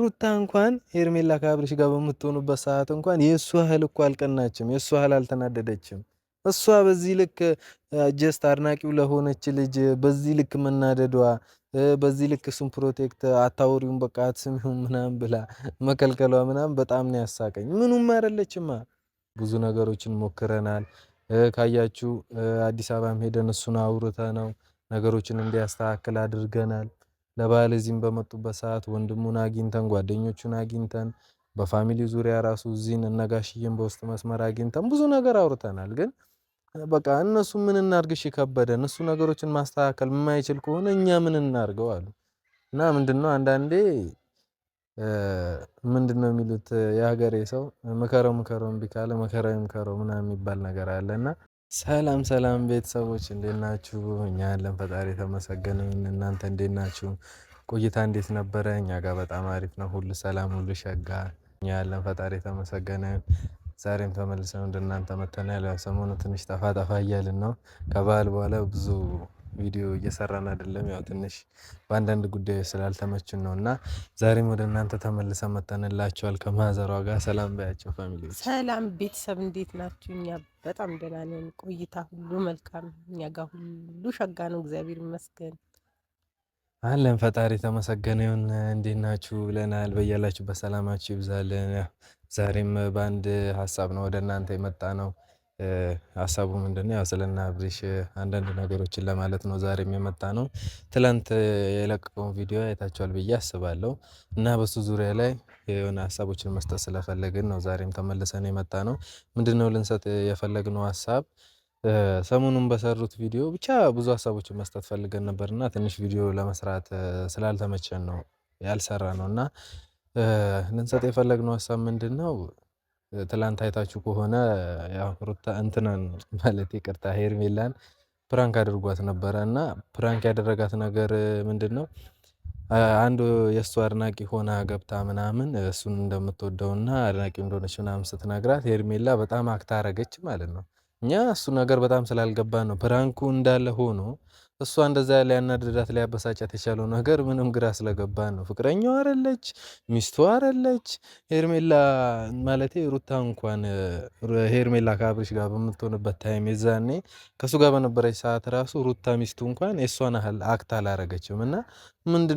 ሩታ እንኳን ሄርሜላ ከአብርሽ ጋር በምትሆኑበት ሰዓት እንኳን የእሱ ያህል እኮ አልቀናችም፣ የእሱ ያህል አልተናደደችም። እሷ በዚህ ልክ ጀስት አድናቂው ለሆነች ልጅ በዚህ ልክ መናደዷ፣ በዚህ ልክ እሱን ፕሮቴክት አታወሪውን በቃ አትስሚውም ምናም ብላ መከልከሏ ምናም በጣም ነው ያሳቀኝ። ምኑም አይደለችማ። ብዙ ነገሮችን ሞክረናል። ካያችሁ አዲስ አበባም ሄደን እሱን አውርተ ነው ነገሮችን እንዲያስተካክል አድርገናል። ለባህል እዚህም በመጡበት ሰዓት ወንድሙን አግኝተን ጓደኞቹን አግኝተን በፋሚሊ ዙሪያ ራሱ እዚህን እነጋሽዬን በውስጥ መስመር አግኝተን ብዙ ነገር አውርተናል። ግን በቃ እነሱ ምን እናድርግ ከበደን እሱ ነገሮችን ማስተካከል የማይችል ከሆነ እኛ ምን እናድርገው አሉ። እና ምንድነው አንዳንዴ ነው የሚሉት የሀገሬ ሰው ምከረው ምከረው እምቢ ካለ ምከረው ይምከረው ምናምን የሚባል ነገር አለ። እና ሰላም ሰላም ቤተሰቦች እንዴት ናችሁ? እኛ ያለን ፈጣሪ የተመሰገነ ይሁን። እናንተ እንዴት ናችሁ? ቆይታ እንዴት ነበረ? እኛ ጋር በጣም አሪፍ ነው። ሁሉ ሰላም፣ ሁሉ ሸጋ። እኛ ያለን ፈጣሪ የተመሰገነ ይሁን። ዛሬም ተመልሰን ወደ እናንተ መጥተናል። ሰሞኑ ትንሽ ጠፋ ጠፋ እያልን ነው። ከበዓል በኋላ ብዙ ቪዲዮ እየሰራን አይደለም። ያው ትንሽ በአንዳንድ ጉዳዮች ስላልተመችን ነው እና ዛሬም ወደ እናንተ ተመልሰን መጥተንላችኋል። ከማዘሯ ጋር ሰላም በያቸው ፋሚሊ፣ ሰላም ቤተሰብ፣ እንዴት ናችሁ? እኛ በጣም ደህና ነን። ቆይታ ሁሉ መልካም፣ እኛ ጋር ሁሉ ሸጋ ነው። እግዚአብሔር ይመስገን አለን። ፈጣሪ የተመሰገነ ይሁን። እንዴት ናችሁ ብለናል። በያላችሁ በሰላማችሁ ይብዛልን። ዛሬም በአንድ ሀሳብ ነው ወደ እናንተ የመጣ ነው ሀሳቡ ምንድነው? ያው ስለና እነ አንዳንድ ነገሮችን ለማለት ነው ዛሬ የሚመጣ ነው። ትላንት የለቀቀውን ቪዲዮ አይታችኋል ብዬ አስባለሁ እና በሱ ዙሪያ ላይ የሆነ ሀሳቦችን መስጠት ስለፈለግን ነው ዛሬም ተመልሰን የመጣነው። ምንድነው ልንሰጥ የፈለግነው ሀሳብ? ሰሞኑን በሰሩት ቪዲዮ ብቻ ብዙ ሀሳቦችን መስጠት ፈልገን ነበር እና ትንሽ ቪዲዮ ለመስራት ስላልተመቸን ነው ነው እና ልንሰጥ የፈለግነው ሀሳብ ነው ትላንት አይታችሁ ከሆነ ያው ሩታ እንትናን ማለት ይቅርታ ሄርሜላን ፕራንክ አድርጓት ነበረ እና ፕራንክ ያደረጋት ነገር ምንድን ነው? አንዱ የእሱ አድናቂ ሆና ገብታ ምናምን እሱን እንደምትወደውና አድናቂ እንደሆነች ምናምን ስትነግራት ሄርሜላ በጣም አክታ አረገች ማለት ነው። እኛ እሱ ነገር በጣም ስላልገባ ነው ፕራንኩ እንዳለ ሆኖ እሷ እንደዛ ሊያናድዳት ሊያበሳጫት የቻለው ነገር ምንም ግራ ስለገባን ነው። ፍቅረኛው አረለች፣ ሚስቱ አረለች፣ ሄርሜላ ማለቴ ሩታ እንኳን ሄርሜላ ከአብርሽ ጋር በምትሆንበት ታይም የዛኔ ከእሱ ጋር በነበረች ሰዓት ራሱ ሩታ ሚስቱ እንኳን የእሷን ያህል አክት አላረገችም። እና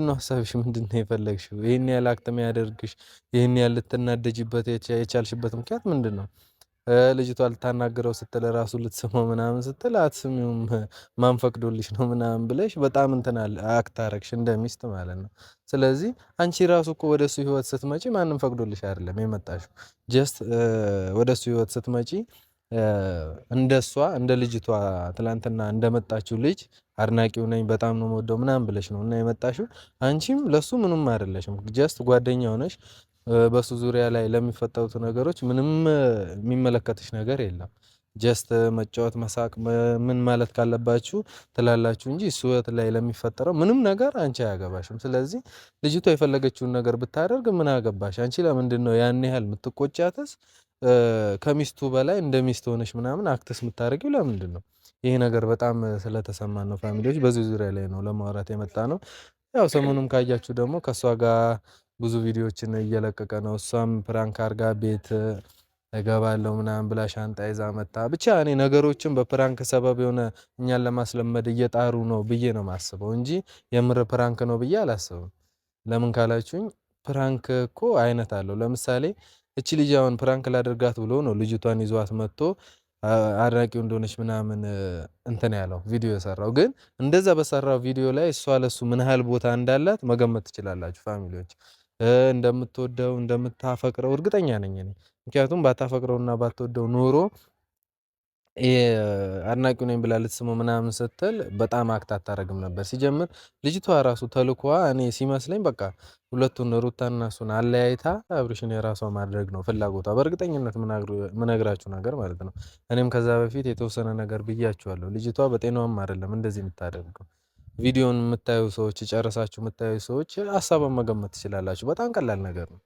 ነው ሀሳብሽ? ነው የፈለግሽው? ይህን ያህል አክት የሚያደርግሽ ይህን ያህል ልትናደጅበት የቻልሽበት ምክንያት ምንድን ነው? ልጅቷ ልታናግረው ስትል ራሱ ልትስመው ምናምን ስትል አትስሚውም ማን ነው ምናምን ብለሽ በጣም እንትን አክት አደረግሽ እንደ ሚስት ማለት ነው። ስለዚህ አንቺ ራሱ እኮ ወደ ህይወት ስትመጪ ማንም ፈቅዶልሽ አይደለም የመጣሽው። ጀስት ወደ ህይወት ስትመጪ እንደ እሷ እንደ ልጅቷ ትላንትና እንደመጣችው ልጅ አድናቂው ነኝ በጣም ነው የምወደው ምናምን ብለሽ ነው እና የመጣሽው። አንቺም ለሱ ምንም አይደለሽም። ጀስት ጓደኛ ሆነሽ በሱ ዙሪያ ላይ ለሚፈጠሩት ነገሮች ምንም የሚመለከትሽ ነገር የለም። ጀስት መጫወት፣ መሳቅ፣ ምን ማለት ካለባችሁ ትላላችሁ እንጂ እሱ ህይወት ላይ ለሚፈጠረው ምንም ነገር አንቺ አያገባሽም። ስለዚህ ልጅቷ የፈለገችውን ነገር ብታደርግ ምን አገባሽ አንቺ? ለምንድን ነው ያን ያህል የምትቆጫትስ? ከሚስቱ በላይ እንደ ሚስት ሆነሽ ምናምን አክትስ የምታደርጊው ለምንድን ነው? ይህ ነገር በጣም ስለተሰማን ነው። ፋሚሊዎች በዚህ ዙሪያ ላይ ነው ለማውራት የመጣ ነው። ያው ሰሞኑም ካያችሁ ደግሞ ከእሷ ጋር ብዙ ቪዲዮዎችን እየለቀቀ ነው። እሷም ፕራንክ አርጋ ቤት እገባለሁ ምናምን ብላ ሻንጣ ይዛ መጣ። ብቻ እኔ ነገሮችን በፕራንክ ሰበብ የሆነ እኛን ለማስለመድ እየጣሩ ነው ብዬ ነው ማስበው እንጂ የምር ፕራንክ ነው ብዬ አላስብም። ለምን ካላችሁኝ ፕራንክ እኮ አይነት አለው። ለምሳሌ እቺ ልጅ አሁን ፕራንክ ላደርጋት ብሎ ነው ልጅቷን ይዟት መጥቶ አድናቂው እንደሆነች ምናምን እንትን ያለው ቪዲዮ የሰራው። ግን እንደዛ በሰራው ቪዲዮ ላይ እሷ ለሱ ምን ያህል ቦታ እንዳላት መገመት ትችላላችሁ ፋሚሊዎች። እንደምትወደው እንደምታፈቅረው እርግጠኛ ነኝ እኔ ምክንያቱም ባታፈቅረውና ባትወደው ኖሮ አድናቂው ነኝ ብላ ልትስመው ምናምን ስትል በጣም አክት አታደርግም ነበር። ሲጀምር ልጅቷ ራሱ ተልኳ እኔ ሲመስለኝ በቃ ሁለቱን ሩታና እሱን አለያይታ አብርሽን የራሷ ማድረግ ነው ፍላጎቷ። በእርግጠኝነት ምነግራችሁ ነገር ማለት ነው። እኔም ከዛ በፊት የተወሰነ ነገር ብያችኋለሁ። ልጅቷ በጤናዋም አይደለም እንደዚህ የምታደርገው። ቪዲዮን የምታዩ ሰዎች ጨርሳችሁ የምታዩ ሰዎች ሀሳብን መገመት ትችላላችሁ። በጣም ቀላል ነገር ነው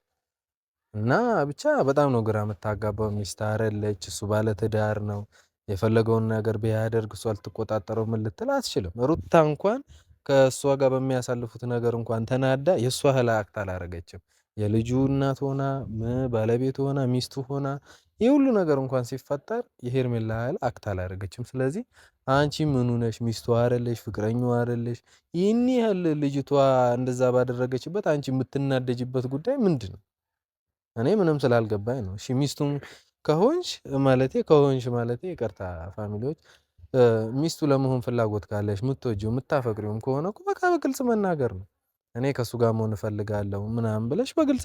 እና ብቻ በጣም ነው ግራ የምታጋባው። ሚስት አረለች፣ እሱ ባለትዳር ነው። የፈለገውን ነገር ቢያደርግ እሱ አልትቆጣጠረው ምን ልትል አትችልም። ሩታ እንኳን ከእሷ ጋር በሚያሳልፉት ነገር እንኳን ተናዳ የእሷ ህላ አክት አላረገችም። የልጁ እናት ሆና ባለቤት ሆና ሚስቱ ሆና ይህ ሁሉ ነገር እንኳን ሲፈጠር የሄርሜላ ያህል አክት አላደረገችም። ስለዚህ አንቺ ምኑ ነሽ? ሚስቱ አይደለሽ? ፍቅረኛ አይደለሽ? ይህን ያህል ልጅቷ እንደዛ ባደረገችበት አንቺ የምትናደጅበት ጉዳይ ምንድን ነው? እኔ ምንም ስላልገባኝ ነው። እሺ ሚስቱም ከሆንሽ ማለቴ ከሆንሽ ማለቴ ይቅርታ ፋሚሊዎች፣ ሚስቱ ለመሆን ፍላጎት ካለሽ የምትወጂው የምታፈቅሪውም ከሆነ በቃ በግልጽ መናገር ነው። እኔ ከእሱ ጋር መሆን እፈልጋለሁ ምናምን ብለሽ በግልጽ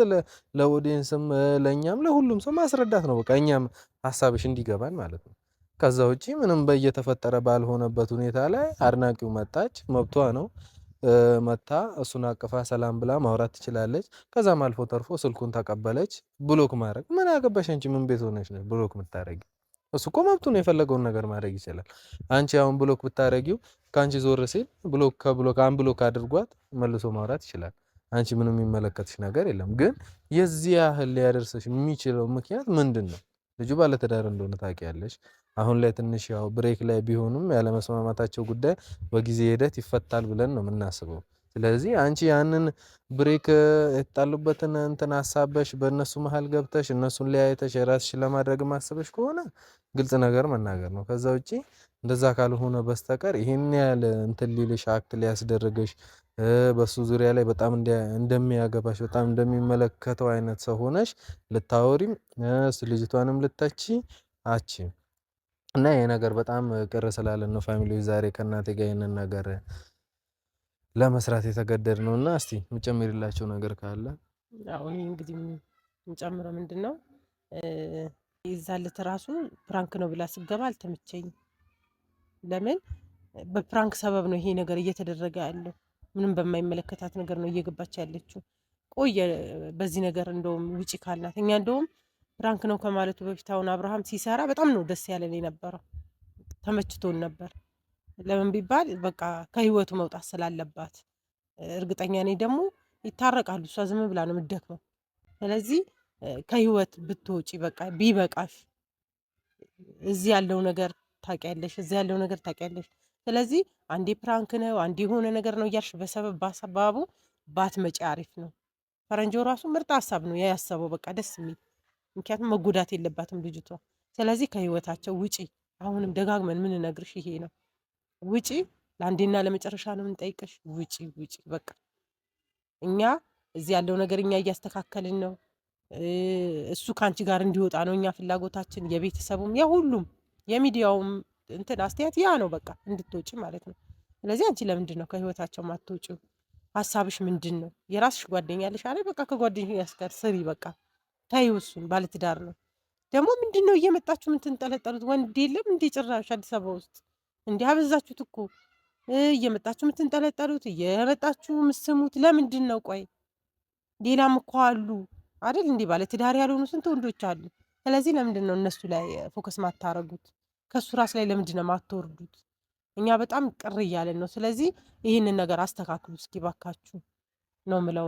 ለኦዲየንስም ለእኛም ለሁሉም ሰው ማስረዳት ነው። በቃ እኛም ሀሳብሽ እንዲገባን ማለት ነው። ከዛ ውጪ ምንም በየተፈጠረ ባልሆነበት ሁኔታ ላይ አድናቂው መጣች፣ መብቷ ነው። መታ እሱን አቅፋ ሰላም ብላ ማውራት ትችላለች። ከዛም አልፎ ተርፎ ስልኩን ተቀበለች፣ ብሎክ ማድረግ ምን አገባሽ አንቺ? ምን ቤት ሆነሽ ነው ብሎክ የምታደርጊ? እሱ እኮ መብቱ ነው፣ የፈለገውን ነገር ማድረግ ይችላል። አንቺ አሁን ብሎክ ብታረጊው ከአንቺ ዞር ሲል ብሎክ ከብሎክ አን ብሎክ አድርጓት መልሶ ማውራት ይችላል። አንቺ ምንም የሚመለከትሽ ነገር የለም። ግን የዚህ ያህል ሊያደርሰሽ የሚችለው ምክንያት ምንድን ነው? ልጁ ባለትዳር እንደሆነ ታውቂያለሽ። አሁን ላይ ትንሽ ያው ብሬክ ላይ ቢሆንም ያለመስማማታቸው ጉዳይ በጊዜ ሂደት ይፈታል ብለን ነው የምናስበው። ስለዚህ አንቺ ያንን ብሬክ የተጣሉበትን እንትን አሳበሽ በእነሱ መሃል ገብተሽ እነሱን ለያይተሽ የራስሽን ለማድረግ ማሰበሽ ከሆነ ግልጽ ነገር መናገር ነው። ከዛ ውጪ እንደዛ ካልሆነ በስተቀር ይሄን ያህል እንትን ሊልሽ አክት ሊያስደርግሽ በሱ ዙሪያ ላይ በጣም እንደሚያገባሽ በጣም እንደሚመለከተው አይነት ሰው ሆነሽ ልታወሪም ልጅቷንም ልታቺ አቺ እና ይሄ ነገር በጣም ቅር ስላለን ነው ፋሚሊ ዛሬ ከእናቴ ጋር ይሄንን ነገር ለመስራት የተገደድ ነው እና እስቲ የምጨምርላቸው ነገር ካለ አሁን እንግዲህ የምጨምረው ምንድን ነው ይዛለት ራሱ ፕራንክ ነው ብላ ስገባ አልተመቸኝ። ለምን በፕራንክ ሰበብ ነው ይሄ ነገር እየተደረገ ያለው። ምንም በማይመለከታት ነገር ነው እየገባች ያለችው። ቆየ በዚህ ነገር እንደውም ውጪ ካልናት እኛ እንደውም ፕራንክ ነው ከማለቱ በፊት አሁን አብርሃም ሲሰራ በጣም ነው ደስ ያለን የነበረው፣ ተመችቶን ነበር። ለምን ቢባል በቃ ከህይወቱ መውጣት ስላለባት እርግጠኛ ነኝ ደግሞ ይታረቃሉ። እሷ ዝም ብላ ነው የምትደክመው። ስለዚህ ከህይወት ብትወጪ በቃ ቢበቃሽ፣ እዚህ ያለው ነገር ታውቂያለሽ፣ እዚህ ያለው ነገር ታውቂያለሽ። ስለዚህ አንዴ ፕራንክ ነው አንዴ የሆነ ነገር ነው እያልሽ በሰበብ ባሰባቡ ባትመጪ አሪፍ ነው። ፈረንጆ ራሱ ምርጥ ሀሳብ ነው ያሰበው፣ በቃ ደስ የሚል ምክንያቱም መጎዳት የለባትም ልጅቷ። ስለዚህ ከህይወታቸው ውጪ። አሁንም ደጋግመን ምንነግርሽ ይሄ ነው። ውጪ፣ ለአንዴና ለመጨረሻ ነው የምንጠይቀሽ፣ ውጪ ውጪ። በቃ እኛ እዚህ ያለው ነገር እኛ እያስተካከልን ነው። እሱ ከአንቺ ጋር እንዲወጣ ነው እኛ ፍላጎታችን፣ የቤተሰቡም፣ የሁሉም የሚዲያውም እንትን አስተያየት ያ ነው። በቃ እንድትወጪ ማለት ነው። ስለዚህ አንቺ ለምንድን ነው ከህይወታቸው ማትወጪው? ሀሳብሽ ምንድን ነው? የራስሽ ጓደኛ አለ በቃ ከጓደኛ ጋር ስሪ። በቃ ተይው። እሱን ባለትዳር ነው ደግሞ ምንድን ነው እየመጣችሁ ምን ወንድ የለም እንዴ ጭራሽ አዲስ አበባ ውስጥ እንዲህ አበዛችሁት እኮ እየመጣችሁ የምትንጠለጠሉት እየመጣችሁ የምትስሙት ለምንድን ነው? ቆይ ሌላም እኮ አሉ አይደል? እንዲህ ባለ ትዳር ያልሆኑ ስንት ወንዶች አሉ። ስለዚህ ለምንድን ነው እነሱ ላይ ፎከስ ማታረጉት? ከእሱ ራስ ላይ ለምንድን ነው ማትወርዱት? እኛ በጣም ቅር እያለን ነው። ስለዚህ ይህንን ነገር አስተካክሉ እስኪ ባካችሁ ነው ምለው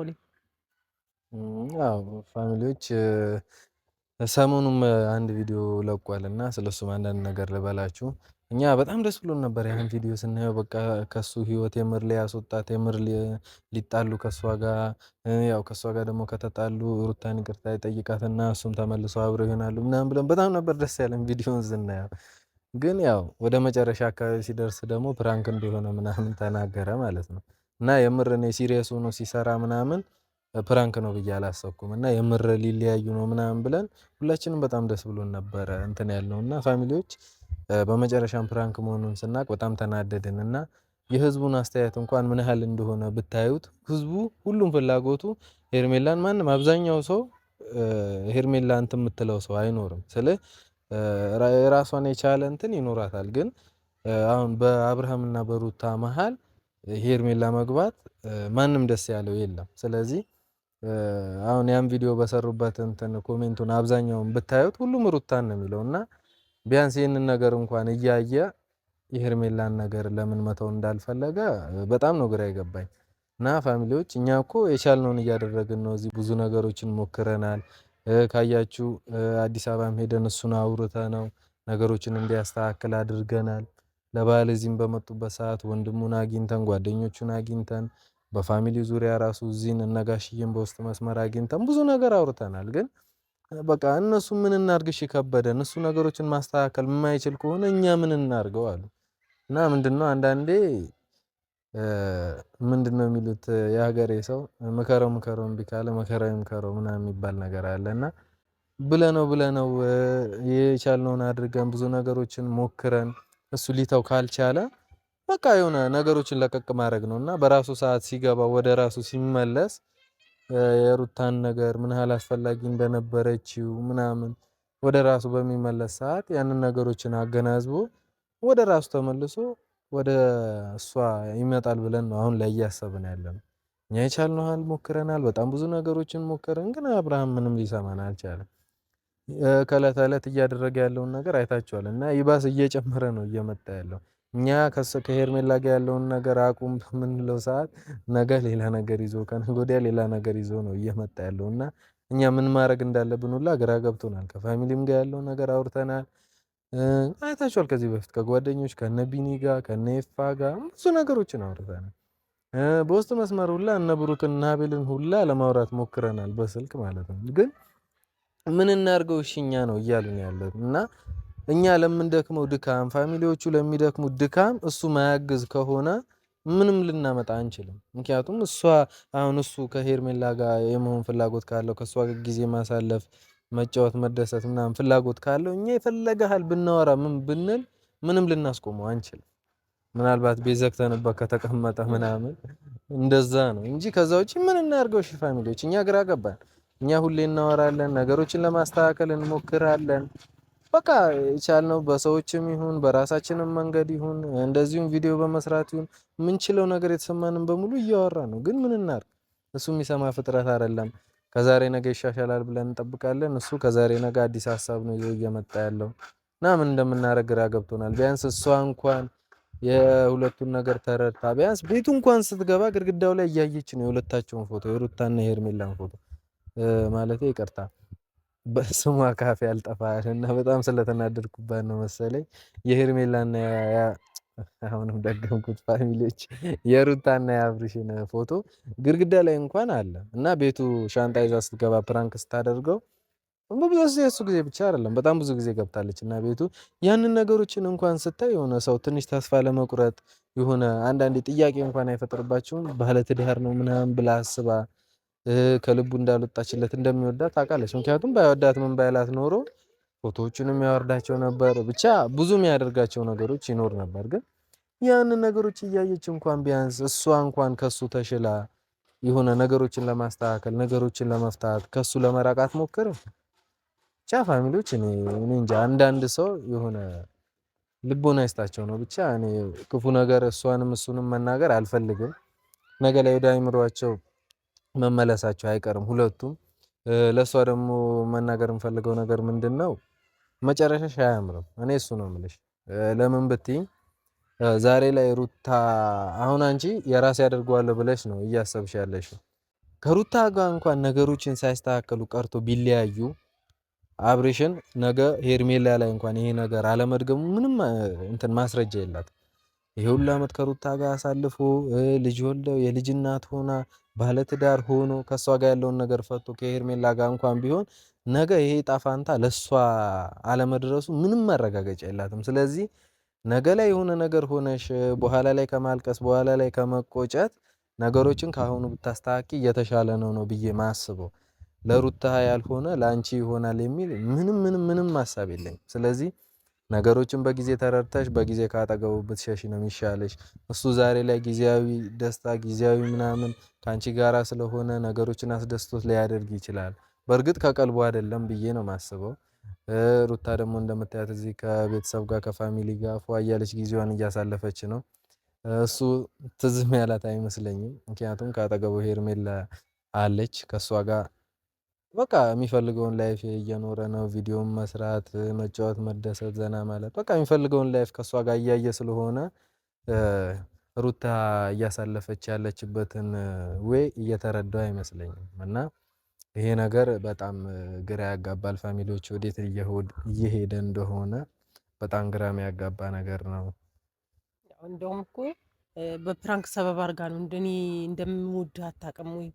ፋሚሊዎች ሰሞኑም አንድ ቪዲዮ ለቋል እና ስለሱም አንዳንድ ነገር ልበላችሁ እኛ በጣም ደስ ብሎን ነበር ያን ቪዲዮ ስናየው በቃ ከሱ ህይወት የምር ሊያስወጣት የምር ሊጣሉ ከሷጋ ጋር ያው ጋር ደግሞ ከተጣሉ ሩታን ይቅርታ እና እሱም ተመልሶ አብረው ይሆናሉ ምናምን ብለን በጣም ነበር ደስ ያለን ቪዲዮን ስናየው። ግን ያው ወደ መጨረሻ አካባቢ ሲደርስ ደግሞ ፕራንክ እንደሆነ ምናምን ተናገረ ማለት ነው። እና የምር እኔ ሲሪየስ ሆኖ ሲሰራ ምናምን ፕራንክ ነው ብዬ አላሰብኩም። እና የምር ሊለያዩ ነው ምናምን ብለን ሁላችንም በጣም ደስ ብሎን ነበረ እንትን ያልነው እና ፋሚሊዎች በመጨረሻም ፕራንክ መሆኑን ስናቅ በጣም ተናደድን እና የህዝቡን አስተያየት እንኳን ምን ያህል እንደሆነ ብታዩት ህዝቡ ሁሉም ፍላጎቱ ሄርሜላን ማንም አብዛኛው ሰው ሄርሜላ እንትን የምትለው ሰው አይኖርም ስለ ራሷን የቻለ እንትን ይኖራታል። ግን አሁን በአብርሃምና በሩታ መሀል ሄርሜላ መግባት ማንም ደስ ያለው የለም። ስለዚህ አሁን ያን ቪዲዮ በሰሩበት እንትን ኮሜንቱን አብዛኛውን ብታዩት ሁሉም ሩታን ነው የሚለው እና ቢያንስ ይህንን ነገር እንኳን እያየ የሄርሜላን ነገር ለምን መተው እንዳልፈለገ በጣም ነው ግራ የገባኝ። እና ፋሚሊዎች እኛ እኮ የቻልነውን እያደረግን ነው። እዚህ ብዙ ነገሮችን ሞክረናል። ካያችሁ አዲስ አበባም ሄደን እሱን አውርተ ነው ነገሮችን እንዲያስተካክል አድርገናል። ለባህል እዚህም በመጡበት ሰዓት ወንድሙን አግኝተን ጓደኞቹን አግኝተን በፋሚሊ ዙሪያ ራሱ እዚህን እነጋሽዬን በውስጥ መስመር አግኝተን ብዙ ነገር አውርተናል ግን በቃ እነሱ ምን እናርግሽ ከበደን እሱ ነገሮችን ማስተካከል የማይችል ከሆነ እኛ ምን እናርገው አሉ እና ምንድነው አንዳንዴ ምንድነው የሚሉት የሀገሬ ሰው ምከረው ምከረው እምቢ ካለ መከራው ይምከረው ምናምን የሚባል ነገር አለ እና ብለነው ብለነው የቻልነውን አድርገን ብዙ ነገሮችን ሞክረን እሱ ሊተው ካልቻለ በቃ የሆነ ነገሮችን ለቀቅ ማድረግ ነው እና በራሱ ሰዓት ሲገባ ወደ ራሱ ሲመለስ የሩታን ነገር ምን ያህል አስፈላጊ እንደነበረችው ምናምን ወደ ራሱ በሚመለስ ሰዓት ያንን ነገሮችን አገናዝቦ ወደ ራሱ ተመልሶ ወደ እሷ ይመጣል ብለን ነው አሁን ላይ እያሰብን ያለነው። እኛ የቻልነው ያህል ሞክረናል። በጣም ብዙ ነገሮችን ሞከርን፣ ግን አብርሃም ምንም ሊሰማን አልቻለም። ከዕለት ዕለት እያደረገ ያለውን ነገር አይታችኋል እና ይባስ እየጨመረ ነው እየመጣ ያለው። እኛ ከሄርሜላ ጋር ያለውን ነገር አቁም በምንለው ሰዓት ነገ ሌላ ነገር ይዞ ከነገ ወዲያ ሌላ ነገር ይዞ ነው እየመጣ ያለው እና እኛ ምን ማድረግ እንዳለብን ሁላ ግራ ገብቶናል። ከፋሚሊም ጋር ያለው ነገር አውርተናል። አይታችኋል። ከዚህ በፊት ከጓደኞች ከነ ቢኒ ጋር ከነ ኤፋ ጋር ብዙ ነገሮችን አውርተናል። በውስጥ መስመር ሁላ እነ ብሩክን እና አቤልን ሁላ ለማውራት ሞክረናል፣ በስልክ ማለት ነው። ግን ምን እናርገው እሺ እኛ ነው እያሉን ያለን እና እኛ ለምንደክመው ድካም ፋሚሊዎቹ ለሚደክሙት ድካም እሱ ማያግዝ ከሆነ ምንም ልናመጣ አንችልም። ምክንያቱም እሷ አሁን እሱ ከሄርሜላ ጋር የመሆን ፍላጎት ካለው ከእሷ ጊዜ ማሳለፍ፣ መጫወት፣ መደሰት ምናምን ፍላጎት ካለው እኛ የፈለገሃል ብናወራ ምን ብንል ምንም ልናስቆመው አንችልም። ምናልባት ቤት ዘግተንበት ከተቀመጠ ምናምን እንደዛ ነው እንጂ ከዛ ውጭ ምን እናድርገው? እሺ ፋሚሊዎች፣ እኛ ግራ ገባን። እኛ ሁሌ እናወራለን፣ ነገሮችን ለማስተካከል እንሞክራለን። በቃ የቻልነው በሰዎችም ይሁን በራሳችንም መንገድ ይሁን እንደዚሁም ቪዲዮ በመስራት ይሁን የምንችለው ነገር የተሰማንን በሙሉ እያወራ ነው። ግን ምን እናድርግ? እሱ የሚሰማ ፍጥረት አይደለም። ከዛሬ ነገ ይሻሻላል ብለን እንጠብቃለን። እሱ ከዛሬ ነገ አዲስ ሀሳብ ነው ይዞ እየመጣ ያለው እና ምን እንደምናደርግ ግራ ገብቶናል። ቢያንስ እሷ እንኳን የሁለቱን ነገር ተረድታ ቢያንስ ቤቱ እንኳን ስትገባ ግድግዳው ላይ እያየች ነው የሁለታቸውን ፎቶ የሩታና የሄርሜላን ፎቶ ማለት ይቅርታ በስሟ ካፌ አልጠፋህም እና በጣም ስለተናደድኩባት ነው መሰለኝ የሄርሜላና አሁንም ደገምኩት ፋሚሊዎች የሩታና የአብርሽን ፎቶ ግድግዳ ላይ እንኳን አለ እና ቤቱ ሻንጣ ይዛ ስትገባ ፕራንክ ስታደርገው በብዛት ጊዜ እሱ ጊዜ ብቻ አይደለም፣ በጣም ብዙ ጊዜ ገብታለች እና ቤቱ ያንን ነገሮችን እንኳን ስታይ የሆነ ሰው ትንሽ ተስፋ ለመቁረጥ የሆነ አንዳንዴ ጥያቄ እንኳን አይፈጥርባቸውም። ባለትዳር ነው ምናምን ብላ አስባ ከልቡ እንዳልወጣችለት እንደሚወዳት ታውቃለች። ምክንያቱም ባይወዳት ምን ባይላት ኖሮ ፎቶዎቹን የሚያወርዳቸው ነበር፣ ብቻ ብዙ የሚያደርጋቸው ነገሮች ይኖር ነበር። ግን ያንን ነገሮች እያየች እንኳን ቢያንስ እሷ እንኳን ከሱ ተሽላ የሆነ ነገሮችን ለማስተካከል ነገሮችን ለመፍታት ከሱ ለመራቃት ሞክር። ብቻ ፋሚሊዎች እኔ እንጃ አንዳንድ ሰው የሆነ ልቦና ይስጣቸው ነው። ብቻ እኔ ክፉ ነገር እሷንም እሱንም መናገር አልፈልግም። ነገ ላይ ወደ አይምሯቸው መመለሳቸው አይቀርም ሁለቱም። ለእሷ ደግሞ መናገር የምፈልገው ነገር ምንድነው መጨረሻሽ አያምርም። እኔ እሱ ነው የምልሽ። ለምን ብትይኝ ዛሬ ላይ ሩታ አሁን አንቺ የራሴ አድርገዋለሁ ብለሽ ነው እያሰብሽ ያለሽው። ከሩታ ጋር እንኳን ነገሮችን ሳይስተካከሉ ቀርቶ ቢለያዩ አብሬሽን ነገ ሄርሜላ ላይ እንኳን ይሄ ነገር አለመድገሙ ምንም እንትን ማስረጃ የላት። ይሄ ሁሉ አመት ከሩታ ጋር አሳልፎ ልጅ ወልደው የልጅ እናት ሆና ባለትዳር ሆኖ ከእሷ ጋር ያለውን ነገር ፈቶ ከሄርሜላ ጋር እንኳን ቢሆን ነገ ይሄ ጣፋንታ ለእሷ አለመድረሱ ምንም መረጋገጫ የላትም። ስለዚህ ነገ ላይ የሆነ ነገር ሆነሽ በኋላ ላይ ከማልቀስ በኋላ ላይ ከመቆጨት ነገሮችን ከአሁኑ ብታስተካኪ እየተሻለ ነው ነው ብዬ ማስበው። ለሩታ ያልሆነ ለአንቺ ይሆናል የሚል ምንም ምንም ምንም ሀሳብ የለኝም። ስለዚህ ነገሮችን በጊዜ ተረድተሽ በጊዜ ካጠገቡ ብትሸሽ ነው የሚሻለሽ። እሱ ዛሬ ላይ ጊዜያዊ ደስታ ጊዜያዊ ምናምን ከአንቺ ጋራ ስለሆነ ነገሮችን አስደስቶት ሊያደርግ ይችላል። በእርግጥ ከቀልቡ አይደለም ብዬ ነው የማስበው። ሩታ ደግሞ እንደምታያት እዚህ ከቤተሰብ ጋር ከፋሚሊ ጋር ፏ እያለች ጊዜዋን እያሳለፈች ነው። እሱ ትዝም ያላት አይመስለኝም። ምክንያቱም ከአጠገቡ ሄርሜላ አለች ከእሷ ጋር በቃ የሚፈልገውን ላይፍ እየኖረ ነው ቪዲዮም መስራት መጫወት መደሰት ዘና ማለት በቃ የሚፈልገውን ላይፍ ከእሷ ጋር እያየ ስለሆነ ሩታ እያሳለፈች ያለችበትን ወይ እየተረዳው አይመስለኝም። እና ይሄ ነገር በጣም ግራ ያጋባል። ፋሚሊዎች ወዴት እየሄደ እንደሆነ በጣም ግራም ያጋባ ነገር ነው። እንደውም እኮ በፕራንክ ሰበብ አድርጋ ነው እንደኔ እንደምወድ አታውቅም ወይ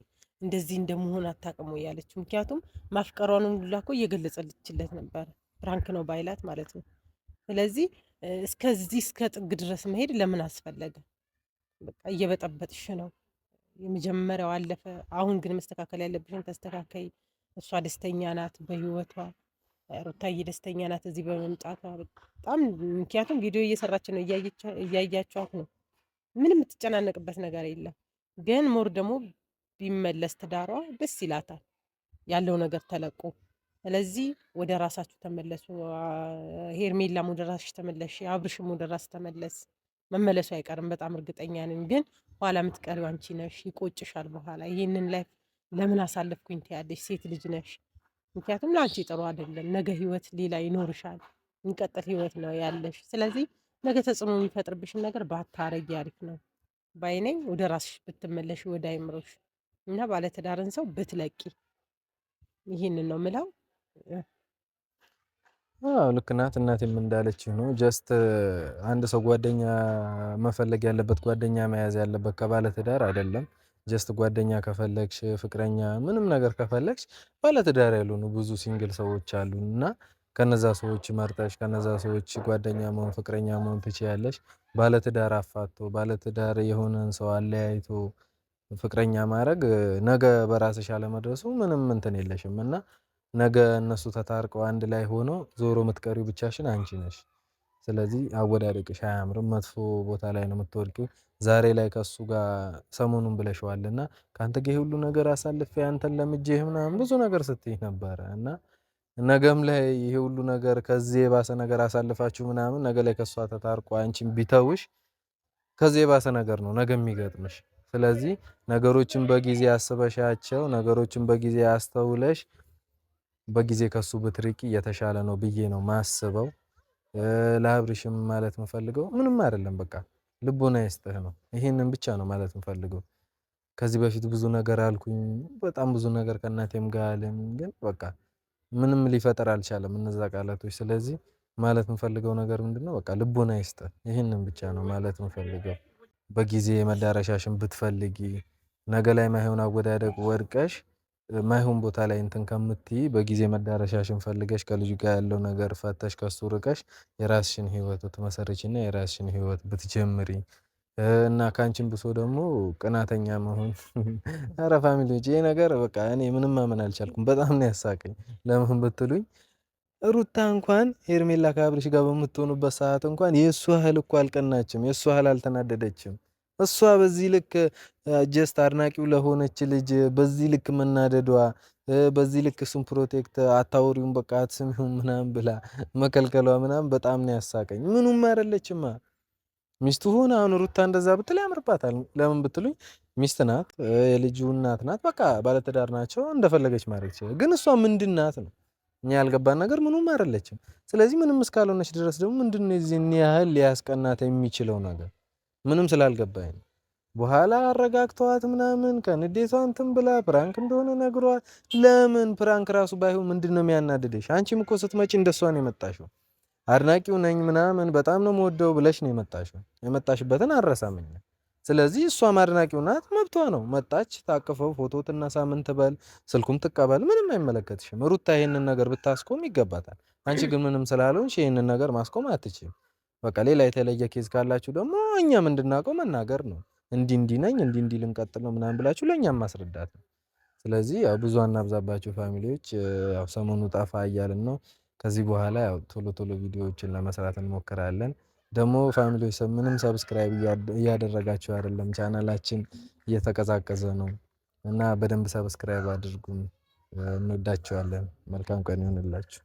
እንደዚህ እንደመሆን አታቅሙ እያለች ምክንያቱም ማፍቀሯንም ሁላ እኮ እየገለጸልችለት ነበር። ፍራንክ ነው ባይላት ማለት ነው። ስለዚህ እስከዚህ እስከ ጥግ ድረስ መሄድ ለምን አስፈለገ? በቃ እየበጠበጥሽ ነው። የመጀመሪያው አለፈ። አሁን ግን መስተካከል ያለብሽን ተስተካከይ። እሷ ደስተኛ ናት በህይወቷ ሩታዬ ደስተኛ ናት እዚህ በመምጣቷ በጣም ምክንያቱም ቪዲዮ እየሰራች ነው፣ እያያቸዋት ነው። ምንም የምትጨናነቅበት ነገር የለም። ግን ሞር ደግሞ ቢመለስ ትዳሯ ደስ ይላታል ያለው ነገር ተለቆ። ስለዚህ ወደ ራሳችሁ ተመለሱ። ሄርሜላም ወደ ራስሽ ተመለሽ፣ አብርሽም ወደ ራስ ተመለስ። መመለሱ አይቀርም በጣም እርግጠኛ ነኝ። ግን ኋላ የምትቀሪው አንቺ ነሽ፣ ይቆጭሻል። በኋላ ይህንን ላይ ለምን አሳለፍኩኝ ትያለሽ። ሴት ልጅ ነሽ። ምክንያቱም ለአንቺ ጥሩ አይደለም። ነገ ህይወት ሌላ ይኖርሻል፣ የሚቀጥል ህይወት ነው ያለሽ። ስለዚህ ነገ ተጽዕኖ የሚፈጥርብሽን ነገር ባታረጊ አሪፍ ነው ባይነኝ። ወደ ራስሽ ብትመለሽ ወደ አይምሮሽ እና ባለትዳርን ሰው ብትለቂ ይህንን ነው ምለው። ልክ ናት እናቴም እንዳለች ነው። ጀስት አንድ ሰው ጓደኛ መፈለግ ያለበት ጓደኛ መያዝ ያለበት ከባለትዳር አይደለም። ጀስት ጓደኛ ከፈለግሽ ፍቅረኛ ምንም ነገር ከፈለግሽ ባለትዳር ያልሆኑ ብዙ ሲንግል ሰዎች አሉ እና ከነዛ ሰዎች መርጠሽ ከነዛ ሰዎች ጓደኛ መሆን ፍቅረኛ መሆን ትችያለሽ። ባለትዳር አፋቶ ባለትዳር የሆነን ሰው አለያይቶ ፍቅረኛ ማድረግ ነገ በራስሽ አለመድረሱ ምንም እንትን የለሽም እና ነገ እነሱ ተታርቀው አንድ ላይ ሆኖ ዞሮ የምትቀሪው ብቻሽን አንቺ ነሽ። ስለዚህ አወዳደቅሽ አያምርም መጥፎ ቦታ ላይ ነው የምትወድቂው። ዛሬ ላይ ከሱ ጋር ሰሞኑን ብለሽዋል እና ከአንተ ጋር ሁሉ ነገር አሳልፌ አንተን ለምጄ ምናምን ብዙ ነገር ስትይ ነበረ እና ነገም ላይ ይሄ ሁሉ ነገር ከዚህ የባሰ ነገር አሳልፋችሁ ምናምን ነገ ላይ ከእሷ ተታርቆ አንቺን ቢተውሽ ከዚህ የባሰ ነገር ነው ነገ የሚገጥምሽ ስለዚህ ነገሮችን በጊዜ አስበሻቸው ነገሮችን በጊዜ አስተውለሽ በጊዜ ከሱ ብትርቂ የተሻለ ነው ብዬ ነው ማስበው። ለአብርሽም ማለት ምፈልገው ምንም አይደለም፣ በቃ ልቦና ይስጥህ ነው። ይሄንን ብቻ ነው ማለት ምፈልገው። ከዚህ በፊት ብዙ ነገር አልኩኝ፣ በጣም ብዙ ነገር ከእናቴም ጋር አለኝ፣ ግን በቃ ምንም ሊፈጠር አልቻለም እነዛ ቃላቶች። ስለዚህ ማለት ምፈልገው ነገር ምንድነው፣ በቃ ልቦና ይስጥህ። ይህንን ብቻ ነው ማለት ምፈልገው? በጊዜ መዳረሻሽን ብትፈልጊ ነገ ላይ ማይሆን አወዳደቅ ወድቀሽ ማይሆን ቦታ ላይ እንትን ከምትይ በጊዜ መዳረሻሽን ፈልገሽ ከልጁ ጋር ያለው ነገር ፈተሽ ከሱ ርቀሽ የራስሽን ህይወት ብትመሰርችና የራስሽን ህይወት ብትጀምሪ እና ካንቺም ብሶ ደግሞ ቅናተኛ መሆን። ኧረ ፋሚሊዎች ይሄ ነገር በቃ እኔ ምንም ማመን አልቻልኩም። በጣም ነው ያሳቀኝ። ለምን ብትሉኝ ሩታ እንኳን ሄርሜላ ከአብርሽ ጋር በምትሆኑበት ሰዓት እንኳን የእሱ ያህል እኮ አልቀናችም፣ የእሱ ያህል አልተናደደችም። እሷ በዚህ ልክ ጀስት አድናቂው ለሆነች ልጅ በዚህ ልክ መናደዷ በዚህ ልክ እሱን ፕሮቴክት አታወሪውን በቃ አትስሚውን ምናምን ብላ መከልከሏ ምናምን በጣም ነው ያሳቀኝ። ምኑም አይደለችማ ሚስቱ ሆነ። አሁን ሩታ እንደዛ ብትል ያምርባታል። ለምን ብትሉኝ ሚስት ናት፣ የልጁ እናት ናት። በቃ ባለትዳር ናቸው፣ እንደፈለገች ማድረግ ይችላል። ግን እሷ ምንድን ናት ነው እኛ ያልገባን ነገር ምኑም አይደለችም። ስለዚህ ምንም እስካልሆነች ድረስ ደግሞ ምንድን ነው ያህል ሊያስቀናት የሚችለው ነገር ምንም ስላልገባኝ በኋላ አረጋግተዋት ምናምን ከንዴቷ እንትን ብላ ፕራንክ እንደሆነ ነግሯት። ለምን ፕራንክ ራሱ ባይሆን ምንድን ነው የሚያናድደሽ? አንቺም እኮ ስትመጪ እንደሷ የመጣሽው። አድናቂው ነኝ ምናምን በጣም ነው የምወደው ብለሽ ነው የመጣሽው። የመጣሽበትን አረሳምኛ ስለዚህ እሷ አድናቂው ናት፣ መብቷ ነው። መጣች፣ ታቅፈው ፎቶ ትነሳምን ትበል፣ ስልኩም ትቀበል፣ ምንም አይመለከትሽም። ሩታ ይህንን ነገር ብታስቆም ይገባታል። አንቺ ግን ምንም ስላልሆንሽ ይህንን ነገር ማስቆም አትችም። በቃ ሌላ የተለየ ኬዝ ካላችሁ ደግሞ እኛም እንድናውቀው መናገር ነው። እንዲህ እንዲህ ነኝ እንዲህ እንዲህ ልንቀጥል ነው ምናምን ብላችሁ ለእኛም ማስረዳት ነው። ስለዚህ ያው ብዙ አናብዛባችሁ ፋሚሊዎች፣ ያው ሰሞኑ ጠፋ እያልን ነው። ከዚህ በኋላ ያው ቶሎ ቶሎ ቪዲዮዎችን ለመስራት እንሞክራለን። ደግሞ ፋሚሊዎች ምንም ሰብስክራይብ እያደረጋችሁ አይደለም ቻናላችን እየተቀዛቀዘ ነው። እና በደንብ ሰብስክራይብ አድርጉን። እንወዳችኋለን። መልካም ቀን ይሆንላችሁ።